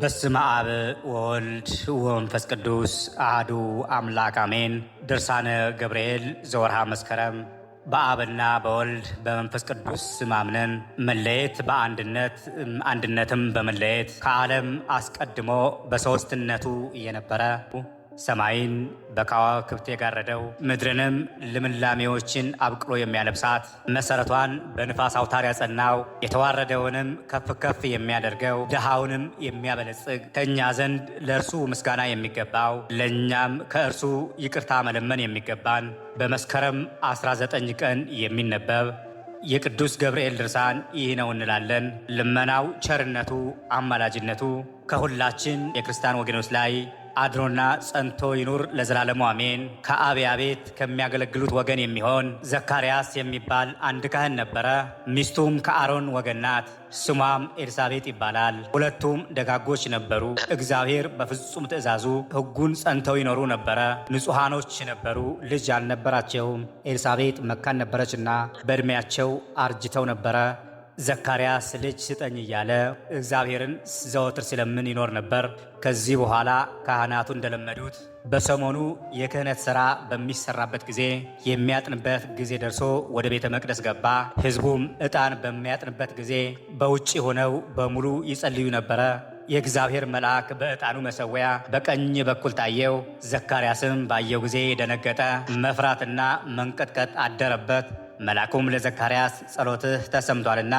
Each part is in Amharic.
በስመ አብ ወወልድ ወመንፈስ ቅዱስ አህዱ አምላክ አሜን። ድርሳነ ገብርኤል ዘወርሃ መስከረም። በአብና በወልድ በመንፈስ ቅዱስ ስም አምነን መለየት በአንድነት አንድነትም በመለየት ከዓለም አስቀድሞ በሦስትነቱ የነበረ ሰማይን በከዋክብት የጋረደው ምድርንም ልምላሜዎችን አብቅሎ የሚያለብሳት መሰረቷን በንፋስ አውታር ያጸናው የተዋረደውንም ከፍ ከፍ የሚያደርገው ድሃውንም የሚያበለጽግ ከእኛ ዘንድ ለእርሱ ምስጋና የሚገባው ለእኛም ከእርሱ ይቅርታ መለመን የሚገባን በመስከረም 19 ቀን የሚነበብ የቅዱስ ገብርኤል ድርሳን ይህ ነው እንላለን። ልመናው፣ ቸርነቱ፣ አማላጅነቱ ከሁላችን የክርስቲያን ወገኖች ላይ አድሮና ጸንቶ ይኑር ለዘላለሙ አሜን። ከአብያ ቤት ከሚያገለግሉት ወገን የሚሆን ዘካርያስ የሚባል አንድ ካህን ነበረ። ሚስቱም ከአሮን ወገን ናት። ስሟም ኤልሳቤጥ ይባላል። ሁለቱም ደጋጎች ነበሩ። እግዚአብሔር በፍጹም ትእዛዙ ሕጉን ጸንተው ይኖሩ ነበረ። ንጹሐኖች ነበሩ፣ ልጅ አልነበራቸውም። ኤልሳቤጥ መካን ነበረችና በዕድሜያቸው አርጅተው ነበረ። ዘካርያስ ልጅ ስጠኝ እያለ እግዚአብሔርን ዘወትር ሲለምን ይኖር ነበር። ከዚህ በኋላ ካህናቱ እንደለመዱት በሰሞኑ የክህነት ሥራ በሚሰራበት ጊዜ የሚያጥንበት ጊዜ ደርሶ ወደ ቤተ መቅደስ ገባ። ሕዝቡም ዕጣን በሚያጥንበት ጊዜ በውጭ ሆነው በሙሉ ይጸልዩ ነበረ። የእግዚአብሔር መልአክ በዕጣኑ መሰወያ በቀኝ በኩል ታየው። ዘካርያስም ባየው ጊዜ ደነገጠ፣ መፍራትና መንቀጥቀጥ አደረበት። መልአኩም ለዘካርያስ ጸሎትህ ተሰምቷልና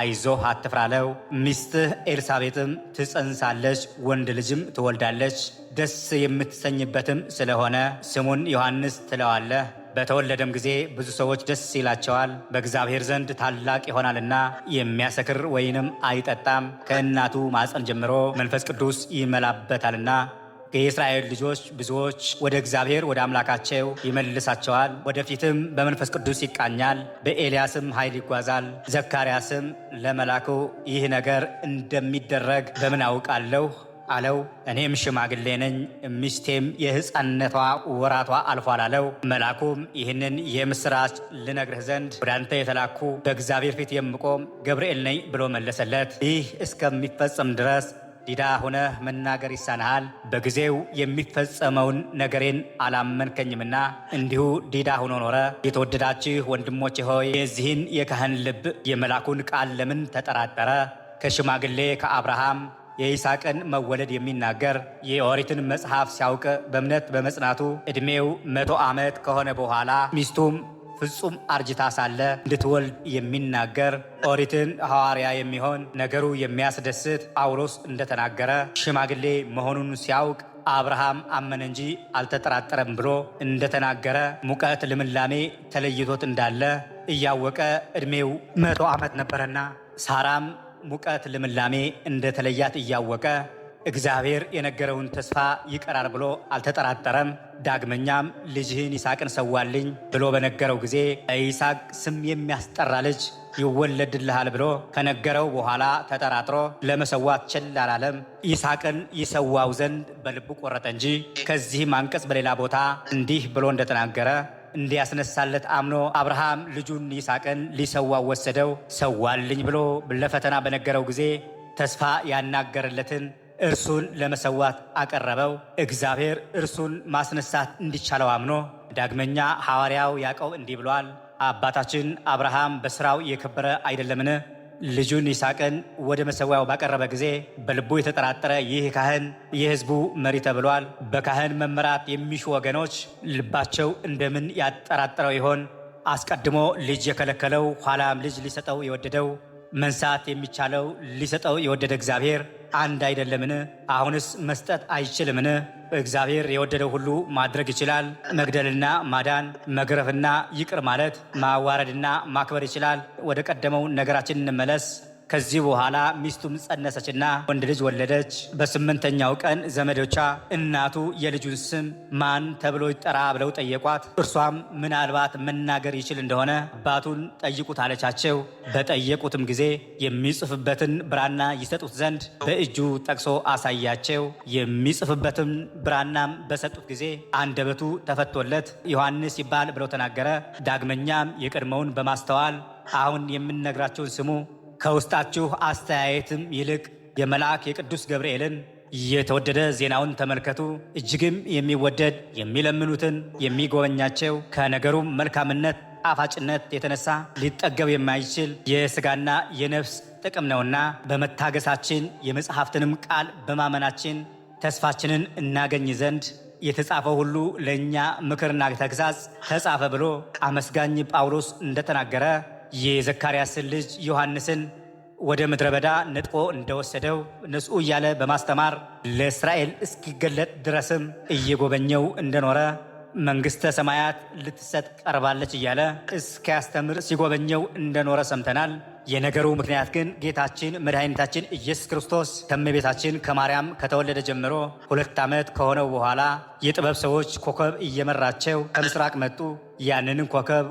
አይዞህ አትፍራለው። ሚስትህ ኤልሳቤጥም ትጸንሳለች፣ ወንድ ልጅም ትወልዳለች። ደስ የምትሰኝበትም ስለሆነ ስሙን ዮሐንስ ትለዋለህ። በተወለደም ጊዜ ብዙ ሰዎች ደስ ይላቸዋል። በእግዚአብሔር ዘንድ ታላቅ ይሆናልና የሚያሰክር ወይንም አይጠጣም፣ ከእናቱ ማፀን ጀምሮ መንፈስ ቅዱስ ይመላበታልና የእስራኤል ልጆች ብዙዎች ወደ እግዚአብሔር ወደ አምላካቸው ይመልሳቸዋል። ወደፊትም በመንፈስ ቅዱስ ይቃኛል፣ በኤልያስም ኃይል ይጓዛል። ዘካርያስም ለመላኩ ይህ ነገር እንደሚደረግ በምን አውቃለሁ አለው። እኔም ሽማግሌ ነኝ፣ ሚስቴም የሕፃንነቷ ወራቷ አልፏል አለው። መልአኩም ይህንን የምስራች ልነግርህ ዘንድ ወደ አንተ የተላኩ በእግዚአብሔር ፊት የምቆም ገብርኤል ነኝ ብሎ መለሰለት። ይህ እስከሚፈጸም ድረስ ዲዳ ሆነህ መናገር ይሳንሃል። በጊዜው የሚፈጸመውን ነገሬን አላመንከኝምና እንዲሁ ዲዳ ሆኖ ኖረ። የተወደዳችሁ ወንድሞቼ ሆይ የዚህን የካህን ልብ የመላኩን ቃል ለምን ተጠራጠረ? ከሽማግሌ ከአብርሃም የይስሐቅን መወለድ የሚናገር የኦሪትን መጽሐፍ ሲያውቅ በእምነት በመጽናቱ ዕድሜው መቶ ዓመት ከሆነ በኋላ ሚስቱም ፍጹም አርጅታ ሳለ እንድትወልድ የሚናገር ኦሪትን ሐዋርያ የሚሆን ነገሩ የሚያስደስት ጳውሎስ እንደተናገረ ሽማግሌ መሆኑን ሲያውቅ አብርሃም አመነ እንጂ አልተጠራጠረም ብሎ እንደተናገረ ሙቀት ልምላሜ ተለይቶት እንዳለ እያወቀ ዕድሜው መቶ ዓመት ነበረና ሳራም ሙቀት ልምላሜ እንደተለያት እያወቀ እግዚአብሔር የነገረውን ተስፋ ይቀራል ብሎ አልተጠራጠረም። ዳግመኛም ልጅህን ይስሐቅን ሰዋልኝ ብሎ በነገረው ጊዜ ይስሐቅ ስም የሚያስጠራ ልጅ ይወለድልሃል ብሎ ከነገረው በኋላ ተጠራጥሮ ለመሰዋት ችል አላለም። ይስሐቅን ይሰዋው ዘንድ በልቡ ቆረጠ እንጂ ከዚህም አንቀጽ በሌላ ቦታ እንዲህ ብሎ እንደተናገረ እንዲያስነሳለት አምኖ አብርሃም ልጁን ይስሐቅን ሊሰዋው ወሰደው። ሰዋልኝ ብሎ ለፈተና በነገረው ጊዜ ተስፋ ያናገርለትን እርሱን ለመሰዋት አቀረበው። እግዚአብሔር እርሱን ማስነሳት እንዲቻለው አምኖ ዳግመኛ ሐዋርያው ያዕቆብ እንዲህ ብሏል፣ አባታችን አብርሃም በሥራው የከበረ አይደለምን? ልጁን ይስሐቅን ወደ መሰዊያው ባቀረበ ጊዜ በልቡ የተጠራጠረ ይህ ካህን የሕዝቡ መሪ ተብሏል። በካህን መመራት የሚሹ ወገኖች ልባቸው እንደምን ያጠራጠረው ይሆን? አስቀድሞ ልጅ የከለከለው ኋላም ልጅ ሊሰጠው የወደደው መንሳት የሚቻለው ሊሰጠው የወደደ እግዚአብሔር አንድ አይደለምን? አሁንስ መስጠት አይችልምን? እግዚአብሔር የወደደው ሁሉ ማድረግ ይችላል። መግደልና ማዳን፣ መግረፍና ይቅር ማለት፣ ማዋረድና ማክበር ይችላል። ወደ ቀደመው ነገራችን እንመለስ። ከዚህ በኋላ ሚስቱም ጸነሰችና ወንድ ልጅ ወለደች። በስምንተኛው ቀን ዘመዶቿ እናቱ የልጁን ስም ማን ተብሎ ይጠራ ብለው ጠየቋት። እርሷም ምናልባት መናገር ይችል እንደሆነ አባቱን ጠይቁት አለቻቸው። በጠየቁትም ጊዜ የሚጽፍበትን ብራና ይሰጡት ዘንድ በእጁ ጠቅሶ አሳያቸው። የሚጽፍበትን ብራናም በሰጡት ጊዜ አንደበቱ ተፈቶለት ዮሐንስ ይባል ብለው ተናገረ። ዳግመኛም የቀድሞውን በማስተዋል አሁን የምነግራቸውን ስሙ ከውስጣችሁ አስተያየትም ይልቅ የመልአክ የቅዱስ ገብርኤልን የተወደደ ዜናውን ተመልከቱ። እጅግም የሚወደድ የሚለምኑትን የሚጎበኛቸው ከነገሩም መልካምነት ጣፋጭነት የተነሳ ሊጠገብ የማይችል የስጋና የነፍስ ጥቅም ነውና በመታገሳችን የመጽሐፍትንም ቃል በማመናችን ተስፋችንን እናገኝ ዘንድ የተጻፈው ሁሉ ለእኛ ምክርና ተግሳጽ ተጻፈ ብሎ አመስጋኝ ጳውሎስ እንደተናገረ የዘካርያስን ልጅ ዮሐንስን ወደ ምድረ በዳ ነጥቆ እንደወሰደው ንጹ እያለ በማስተማር ለእስራኤል እስኪገለጥ ድረስም እየጎበኘው እንደኖረ መንግሥተ ሰማያት ልትሰጥ ቀርባለች እያለ እስኪያስተምር ሲጎበኘው እንደኖረ ሰምተናል። የነገሩ ምክንያት ግን ጌታችን መድኃኒታችን ኢየሱስ ክርስቶስ ከእመቤታችን ከማርያም ከተወለደ ጀምሮ ሁለት ዓመት ከሆነው በኋላ የጥበብ ሰዎች ኮከብ እየመራቸው ከምስራቅ መጡ። ያንንም ኮከብ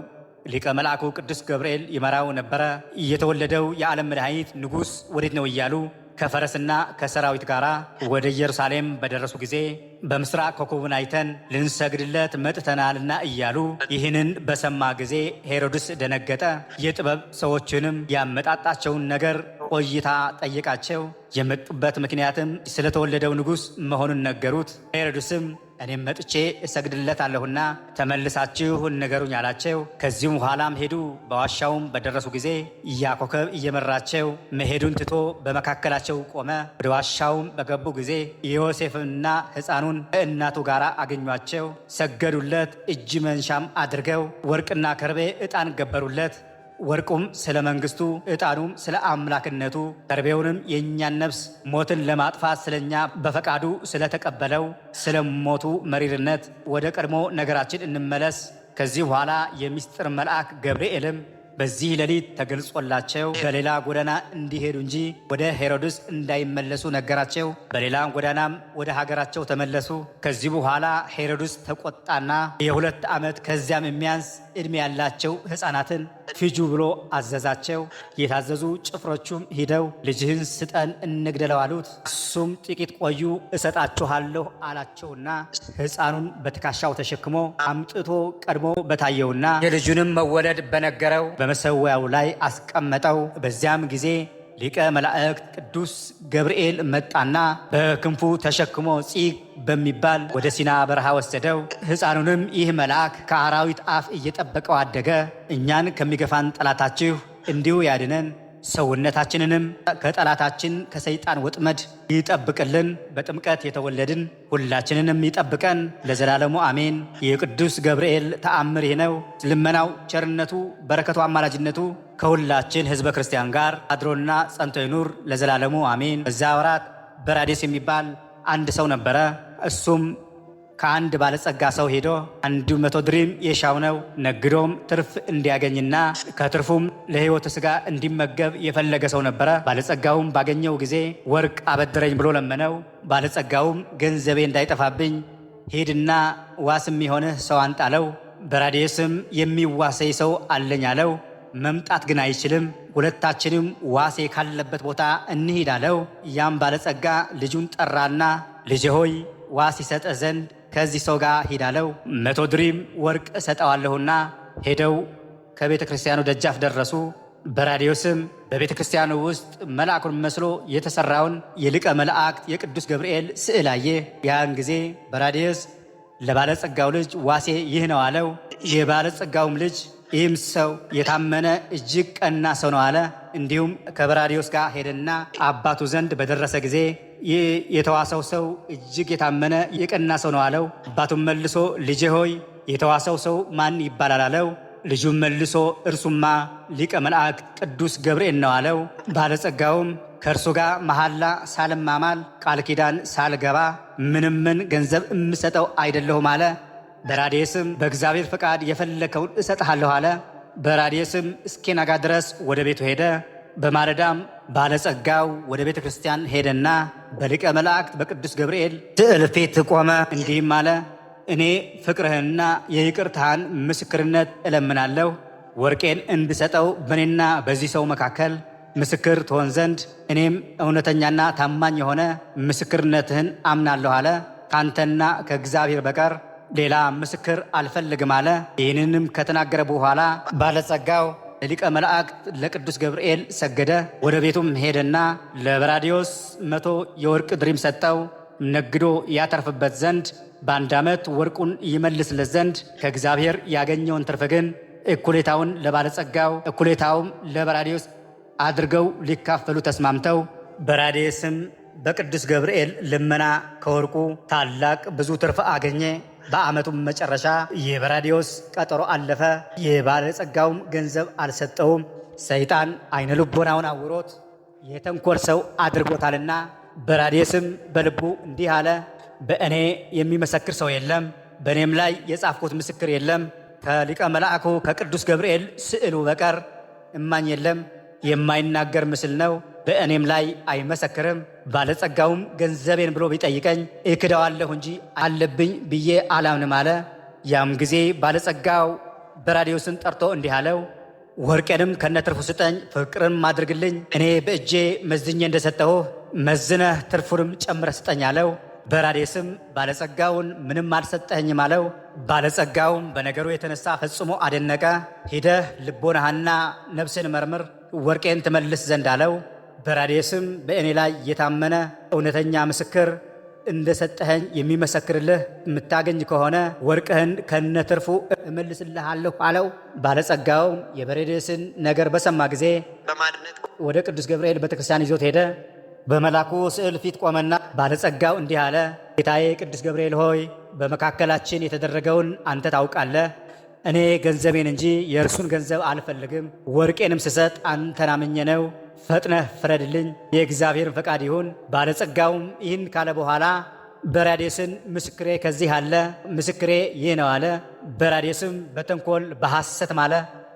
ሊቀ መልአኩ ቅዱስ ገብርኤል ይመራው ነበረ። እየተወለደው የዓለም መድኃኒት ንጉሥ ወዴት ነው እያሉ ከፈረስና ከሰራዊት ጋር ወደ ኢየሩሳሌም በደረሱ ጊዜ በምስራቅ ኮከቡን አይተን ልንሰግድለት መጥተናልና እያሉ ይህንን በሰማ ጊዜ ሄሮድስ ደነገጠ። የጥበብ ሰዎችንም ያመጣጣቸውን ነገር ቆይታ ጠየቃቸው። የመጡበት ምክንያትም ስለተወለደው ንጉሥ መሆኑን ነገሩት። ሄሮድስም እኔም መጥቼ እሰግድለታለሁና ተመልሳችሁ ንገሩኝ አላቸው። ከዚሁም ኋላም ሄዱ። በዋሻውም በደረሱ ጊዜ እያኮከብ እየመራቸው መሄዱን ትቶ በመካከላቸው ቆመ። ወደ ዋሻውም በገቡ ጊዜ ዮሴፍንና ሕፃኑን ከእናቱ ጋር አገኟቸው። ሰገዱለት፣ እጅ መንሻም አድርገው ወርቅና ከርቤ ዕጣን ገበሩለት። ወርቁም ስለ መንግስቱ፣ ዕጣኑም ስለ አምላክነቱ፣ ከርቤውንም የእኛን ነፍስ ሞትን ለማጥፋት ስለኛ በፈቃዱ ስለተቀበለው ስለ ሞቱ መሪርነት ወደ ቀድሞ ነገራችን እንመለስ። ከዚህ በኋላ የሚስጥር መልአክ ገብርኤልም በዚህ ሌሊት ተገልጾላቸው በሌላ ጎዳና እንዲሄዱ እንጂ ወደ ሄሮድስ እንዳይመለሱ ነገራቸው። በሌላ ጎዳናም ወደ ሀገራቸው ተመለሱ። ከዚህ በኋላ ሄሮድስ ተቆጣና የሁለት ዓመት ከዚያም የሚያንስ ዕድሜ ያላቸው ሕፃናትን ፊጁ ብሎ አዘዛቸው። የታዘዙ ጭፍሮቹም ሂደው ልጅህን ስጠን እንግደለው አሉት። እሱም ጥቂት ቆዩ እሰጣችኋለሁ አላቸውና ሕፃኑን በትካሻው ተሸክሞ አምጥቶ ቀድሞ በታየውና የልጁንም መወለድ በነገረው በመሰዊያው ላይ አስቀመጠው። በዚያም ጊዜ ሊቀ መላእክት ቅዱስ ገብርኤል መጣና በክንፉ ተሸክሞ ጺቅ በሚባል ወደ ሲና በረሃ ወሰደው። ሕፃኑንም ይህ መልአክ ከአራዊት አፍ እየጠበቀው አደገ። እኛን ከሚገፋን ጠላታችሁ እንዲሁ ያድነን፣ ሰውነታችንንም ከጠላታችን ከሰይጣን ወጥመድ ይጠብቅልን። በጥምቀት የተወለድን ሁላችንንም ይጠብቀን ለዘላለሙ አሜን። የቅዱስ ገብርኤል ተአምር ይህ ነው። ልመናው፣ ቸርነቱ፣ በረከቱ፣ አማላጅነቱ ከሁላችን ሕዝበ ክርስቲያን ጋር አድሮና ጸንቶ ይኑር ለዘላለሙ አሜን። በዚያ ወራት በራዴስ የሚባል አንድ ሰው ነበረ። እሱም ከአንድ ባለጸጋ ሰው ሄዶ አንድ መቶ ድሪም የሻው ነው ነግዶም ትርፍ እንዲያገኝና ከትርፉም ለሕይወተ ሥጋ እንዲመገብ የፈለገ ሰው ነበረ። ባለጸጋውም ባገኘው ጊዜ ወርቅ አበድረኝ ብሎ ለመነው። ባለጸጋውም ገንዘቤ እንዳይጠፋብኝ ሂድና ዋስ የሚሆንህ ሰው አንጣለው፣ በራዲየስም የሚዋሰይ ሰው አለኝ አለው። መምጣት ግን አይችልም። ሁለታችንም ዋሴ ካለበት ቦታ እንሂድ አለው። ያም ባለጸጋ ልጁን ጠራና ልጄ ሆይ ዋስ ይሰጠ ዘንድ ከዚህ ሰው ጋር ሂድ አለው። መቶ ድሪም ወርቅ እሰጠዋለሁና ሄደው ከቤተ ክርስቲያኑ ደጃፍ ደረሱ። በራዲዮስም በቤተ ክርስቲያኑ ውስጥ መልአኩን መስሎ የተሰራውን የሊቀ መላእክት የቅዱስ ገብርኤል ስዕል አየ። ያን ጊዜ በራዲዮስ ለባለጸጋው ልጅ ዋሴ ይህ ነው አለው። የባለጸጋውም ልጅ ይህም ሰው የታመነ እጅግ ቀና ሰው ነው አለ። እንዲሁም ከበራዲዮስ ጋር ሄደና አባቱ ዘንድ በደረሰ ጊዜ ይህ የተዋሰው ሰው እጅግ የታመነ የቀና ሰው ነው አለው። አባቱም መልሶ ልጄ ሆይ የተዋሰው ሰው ማን ይባላል አለው። ልጁም መልሶ እርሱማ ሊቀ መልአክ ቅዱስ ገብርኤል ነው አለው። ባለጸጋውም ከእርሱ ጋር መሐላ ሳልማማል ቃል ኪዳን ሳልገባ ምንምን ምን ገንዘብ የምሰጠው አይደለሁም አለ። በራዴስም ስም በእግዚአብሔር ፈቃድ የፈለከውን እሰጥሃለሁ አለ። በራዴ ስም እስኪነጋ ድረስ ወደ ቤቱ ሄደ። በማለዳም ባለጸጋው ወደ ቤተ ክርስቲያን ሄደና በሊቀ መላእክት በቅዱስ ገብርኤል ስዕል ፊት ቆመ። እንዲህም አለ፣ እኔ ፍቅርህንና የይቅርታህን ምስክርነት እለምናለሁ። ወርቄን እንድሰጠው በእኔና በዚህ ሰው መካከል ምስክር ትሆን ዘንድ እኔም እውነተኛና ታማኝ የሆነ ምስክርነትህን አምናለሁ አለ። ካንተና ከእግዚአብሔር በቀር ሌላ ምስክር አልፈልግም አለ። ይህንንም ከተናገረ በኋላ ባለጸጋው ለሊቀ መላእክት ለቅዱስ ገብርኤል ሰገደ። ወደ ቤቱም ሄደና ለበራዲዮስ መቶ የወርቅ ድሪም ሰጠው ነግዶ ያተርፍበት ዘንድ በአንድ ዓመት ወርቁን ይመልስለት ዘንድ ከእግዚአብሔር ያገኘውን ትርፍ ግን እኩሌታውን ለባለጸጋው እኩሌታውም ለበራዲዮስ አድርገው ሊካፈሉ ተስማምተው በራዴስም በቅዱስ ገብርኤል ልመና ከወርቁ ታላቅ ብዙ ትርፍ አገኘ። በዓመቱም መጨረሻ የበራዲዮስ ቀጠሮ አለፈ። የባለጸጋውም ገንዘብ አልሰጠውም። ሰይጣን አይነ ልቦናውን አውሮት የተንኮል ሰው አድርጎታልና። በራዲዮስም በልቡ እንዲህ አለ፣ በእኔ የሚመሰክር ሰው የለም፣ በእኔም ላይ የጻፍኩት ምስክር የለም፣ ከሊቀ መልአኩ ከቅዱስ ገብርኤል ስዕሉ በቀር እማኝ የለም። የማይናገር ምስል ነው። በእኔም ላይ አይመሰክርም። ባለጸጋውም ገንዘቤን ብሎ ቢጠይቀኝ እክደዋለሁ እንጂ አለብኝ ብዬ አላምንም አለ። ያም ጊዜ ባለጸጋው በራዲዮስን ጠርቶ እንዲህ አለው፣ ወርቄንም ከነትርፉ ስጠኝ፣ ፍቅርንም አድርግልኝ። እኔ በእጄ መዝኜ እንደሰጠሁ መዝነህ ትርፉንም ጨምረ ስጠኝ አለው። በራዴስም ባለጸጋውን ምንም አልሰጠኸኝም አለው። ባለጸጋውም በነገሩ የተነሳ ፈጽሞ አደነቀ። ሂደህ ልቦናህና ነፍስን መርምር፣ ወርቄን ትመልስ ዘንድ አለው። በራዴስም በእኔ ላይ የታመነ እውነተኛ ምስክር እንደሰጠኸኝ የሚመሰክርልህ የምታገኝ ከሆነ ወርቅህን ከነ ትርፉ እመልስልሃለሁ አለው። ባለጸጋውም የበሬዴስን ነገር በሰማ ጊዜ በማድነት ወደ ቅዱስ ገብርኤል ቤተክርስቲያን ይዞት ሄደ። በመላኩ ስዕል ፊት ቆመና ባለጸጋው እንዲህ አለ፣ ጌታዬ ቅዱስ ገብርኤል ሆይ በመካከላችን የተደረገውን አንተ ታውቃለህ። እኔ ገንዘቤን እንጂ የእርሱን ገንዘብ አልፈልግም። ወርቄንም ስሰጥ አንተን አምኜ ነው። ፈጥነህ ፍረድልኝ፣ የእግዚአብሔርን ፈቃድ ይሁን። ባለጸጋውም ይህን ካለ በኋላ በራዴስን ምስክሬ ከዚህ አለ፣ ምስክሬ ይህ ነው አለ። በራዴስም በተንኮል በሐሰት ማለ።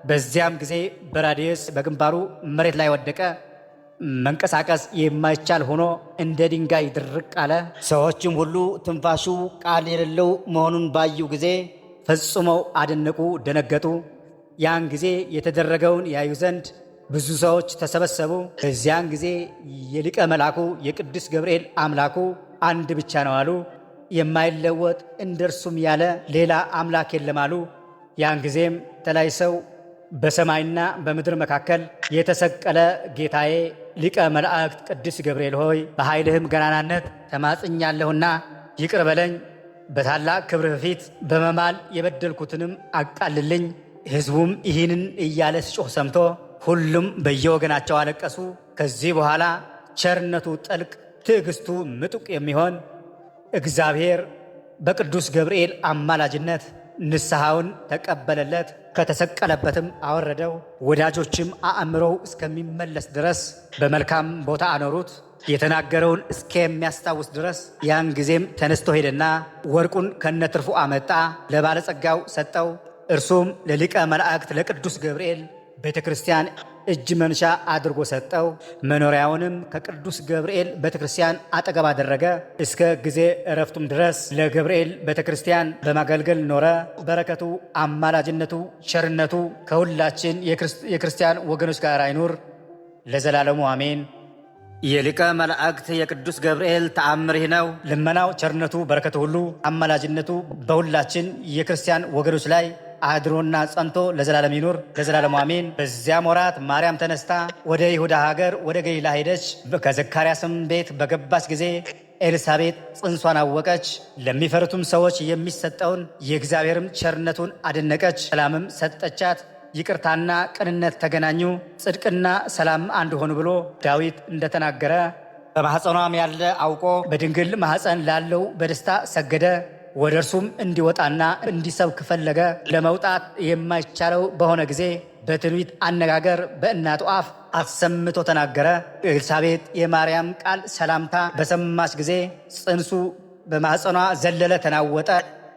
በዚያም ጊዜ በራዴስ በግንባሩ መሬት ላይ ወደቀ፣ መንቀሳቀስ የማይቻል ሆኖ እንደ ድንጋይ ድርቅ አለ። ሰዎችም ሁሉ ትንፋሹ ቃል የሌለው መሆኑን ባዩ ጊዜ ፈጽመው አደነቁ፣ ደነገጡ። ያን ጊዜ የተደረገውን ያዩ ዘንድ ብዙ ሰዎች ተሰበሰቡ። በዚያን ጊዜ የሊቀ መልአኩ የቅዱስ ገብርኤል አምላኩ አንድ ብቻ ነው አሉ። የማይለወጥ እንደ እርሱም ያለ ሌላ አምላክ የለም አሉ። ያን ጊዜም ተላይ ሰው በሰማይና በምድር መካከል የተሰቀለ ጌታዬ ሊቀ መላእክት ቅዱስ ገብርኤል ሆይ በኃይልህም ገናናነት ተማጽኛለሁና ይቅር በለኝ፣ በታላቅ ክብርህ ፊት በመማል የበደልኩትንም አቃልልኝ። ሕዝቡም ይህንን እያለ ስጮህ ሰምቶ ሁሉም በየወገናቸው አለቀሱ። ከዚህ በኋላ ቸርነቱ ጥልቅ፣ ትዕግስቱ ምጡቅ የሚሆን እግዚአብሔር በቅዱስ ገብርኤል አማላጅነት ንስሐውን ተቀበለለት፣ ከተሰቀለበትም አወረደው። ወዳጆችም አእምሮው እስከሚመለስ ድረስ በመልካም ቦታ አኖሩት፣ የተናገረውን እስከሚያስታውስ ድረስ። ያን ጊዜም ተነስቶ ሄደና ወርቁን ከነትርፉ አመጣ፣ ለባለጸጋው ሰጠው። እርሱም ለሊቀ መላእክት ለቅዱስ ገብርኤል ቤተ ክርስቲያን እጅ መንሻ አድርጎ ሰጠው። መኖሪያውንም ከቅዱስ ገብርኤል ቤተ ክርስቲያን አጠገብ አደረገ። እስከ ጊዜ እረፍቱም ድረስ ለገብርኤል ቤተ ክርስቲያን በማገልገል ኖረ። በረከቱ፣ አማላጅነቱ፣ ቸርነቱ ከሁላችን የክርስቲያን ወገኖች ጋር አይኑር ለዘላለሙ አሜን። የሊቀ መላእክት የቅዱስ ገብርኤል ተአምር ይህ ነው። ልመናው፣ ቸርነቱ፣ በረከቱ ሁሉ አማላጅነቱ በሁላችን የክርስቲያን ወገኖች ላይ አድሮና ጸንቶ ለዘላለም ይኑር ለዘላለም አሜን። በዚያም ወራት ማርያም ተነስታ ወደ ይሁዳ ሀገር ወደ ገሊላ ሄደች። ከዘካርያስም ቤት በገባች ጊዜ ኤልሳቤጥ ጽንሷን አወቀች። ለሚፈሩትም ሰዎች የሚሰጠውን የእግዚአብሔርም ቸርነቱን አደነቀች። ሰላምም ሰጠቻት። ይቅርታና ቅንነት ተገናኙ፣ ጽድቅና ሰላም አንድ ሆኑ ብሎ ዳዊት እንደተናገረ በማኅፀኗም ያለ አውቆ በድንግል ማኅፀን ላለው በደስታ ሰገደ። ወደ እርሱም እንዲወጣና እንዲሰብክ ፈለገ። ለመውጣት የማይቻለው በሆነ ጊዜ በትንቢት አነጋገር በእናቱ አፍ አሰምቶ ተናገረ። ኤልሳቤጥ የማርያም ቃል ሰላምታ በሰማች ጊዜ ጽንሱ በማኅፀኗ ዘለለ፣ ተናወጠ።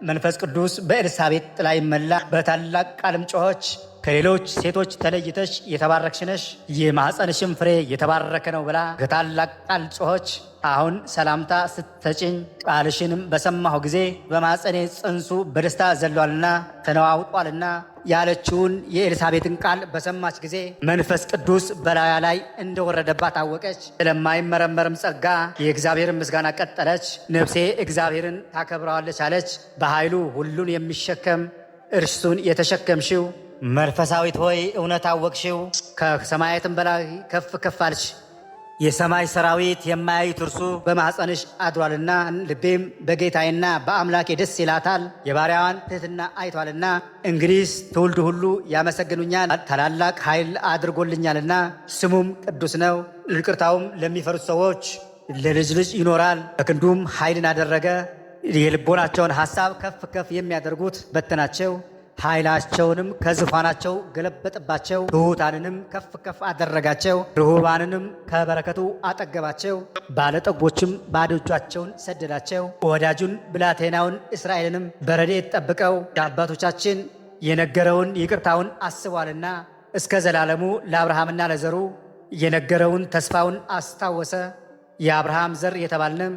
መንፈስ ቅዱስ በኤልሳቤጥ ላይ መላ። በታላቅ ቃልም ጮኸች፣ ከሌሎች ሴቶች ተለይተሽ የተባረክሽ ነሽ፣ የማኅፀንሽም ፍሬ የተባረከ ነው ብላ ከታላቅ ቃል ጮኸች። አሁን ሰላምታ ስተጭኝ ቃልሽንም በሰማሁ ጊዜ በማፀኔ ጽንሱ በደስታ ዘሏልና ተነዋውጧልና ያለችውን የኤልሳቤትን ቃል በሰማች ጊዜ መንፈስ ቅዱስ በላያ ላይ እንደወረደባት አወቀች። ስለማይመረመርም ጸጋ የእግዚአብሔርን ምስጋና ቀጠለች። ነፍሴ እግዚአብሔርን ታከብረዋለች አለች። በኃይሉ ሁሉን የሚሸከም እርሱን የተሸከምሽው መንፈሳዊት ሆይ እውነት አወቅሽው፣ ከሰማያትም በላይ ከፍ ከፍ አልሽ። የሰማይ ሰራዊት የማያዩት እርሱ በማኅፀንሽ አድሯልና ልቤም በጌታዬና በአምላኬ ደስ ይላታል። የባሪያዋን ትሕትና አይቷልና እንግዲስ ትውልድ ሁሉ ያመሰግኑኛል። ታላላቅ ኃይል አድርጎልኛልና ስሙም ቅዱስ ነው። ይቅርታውም ለሚፈሩት ሰዎች ለልጅ ልጅ ይኖራል። በክንዱም ኃይልን አደረገ። የልቦናቸውን ሐሳብ ከፍ ከፍ የሚያደርጉት በተናቸው። ኃይላቸውንም ከዙፋናቸው ገለበጠባቸው፣ ትሑታንንም ከፍ ከፍ አደረጋቸው፣ ርሁባንንም ከበረከቱ አጠገባቸው፣ ባለጠጎችም ባዶ እጃቸውን ሰደዳቸው። ወዳጁን ብላቴናውን እስራኤልንም በረድኤት ጠብቀው የአባቶቻችን የነገረውን ይቅርታውን አስቧልና እስከ ዘላለሙ ለአብርሃምና ለዘሩ የነገረውን ተስፋውን አስታወሰ። የአብርሃም ዘር የተባልንም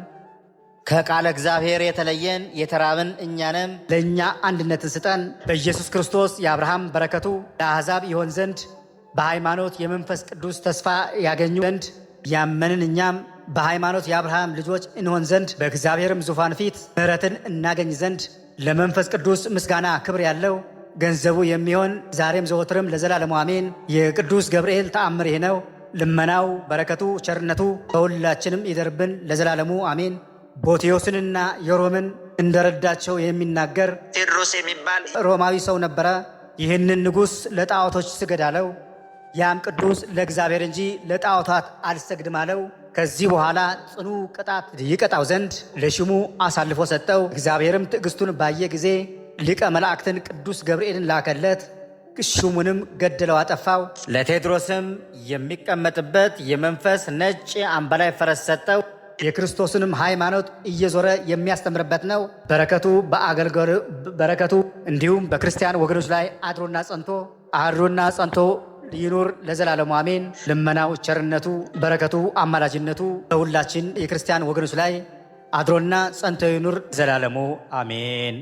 ከቃለ እግዚአብሔር የተለየን የተራብን እኛንም ለእኛ አንድነትን ስጠን። በኢየሱስ ክርስቶስ የአብርሃም በረከቱ ለአሕዛብ ይሆን ዘንድ በሃይማኖት የመንፈስ ቅዱስ ተስፋ ያገኙ ዘንድ ያመንን እኛም በሃይማኖት የአብርሃም ልጆች እንሆን ዘንድ በእግዚአብሔርም ዙፋን ፊት ምሕረትን እናገኝ ዘንድ ለመንፈስ ቅዱስ ምስጋና ክብር ያለው ገንዘቡ የሚሆን ዛሬም ዘወትርም ለዘላለሙ አሜን። የቅዱስ ገብርኤል ተአምር ይህ ነው። ልመናው፣ በረከቱ፣ ቸርነቱ በሁላችንም ይደርብን ለዘላለሙ አሜን። ቦቴዎስንና የሮምን እንደረዳቸው የሚናገር ቴድሮስ የሚባል ሮማዊ ሰው ነበረ። ይህንን ንጉሥ ለጣዖቶች ስገድ አለው። ያም ቅዱስ ለእግዚአብሔር እንጂ ለጣዖታት አልሰግድም አለው። ከዚህ በኋላ ጽኑ ቅጣት ይቀጣው ዘንድ ለሽሙ አሳልፎ ሰጠው። እግዚአብሔርም ትዕግስቱን ባየ ጊዜ ሊቀ መላእክትን ቅዱስ ገብርኤልን ላከለት። ሹሙንም ገድለው አጠፋው። ለቴዎድሮስም የሚቀመጥበት የመንፈስ ነጭ አምባላይ ፈረስ ሰጠው። የክርስቶስንም ሃይማኖት እየዞረ የሚያስተምርበት ነው። በረከቱ በአገልገሉ በረከቱ እንዲሁም በክርስቲያን ወገኖች ላይ አድሮና ጸንቶ አድሮና ጸንቶ ይኑር ለዘላለሙ አሜን። ልመናው፣ ቸርነቱ፣ በረከቱ፣ አማላጅነቱ በሁላችን የክርስቲያን ወገኖች ላይ አድሮና ጸንቶ ይኑር ዘላለሙ አሜን።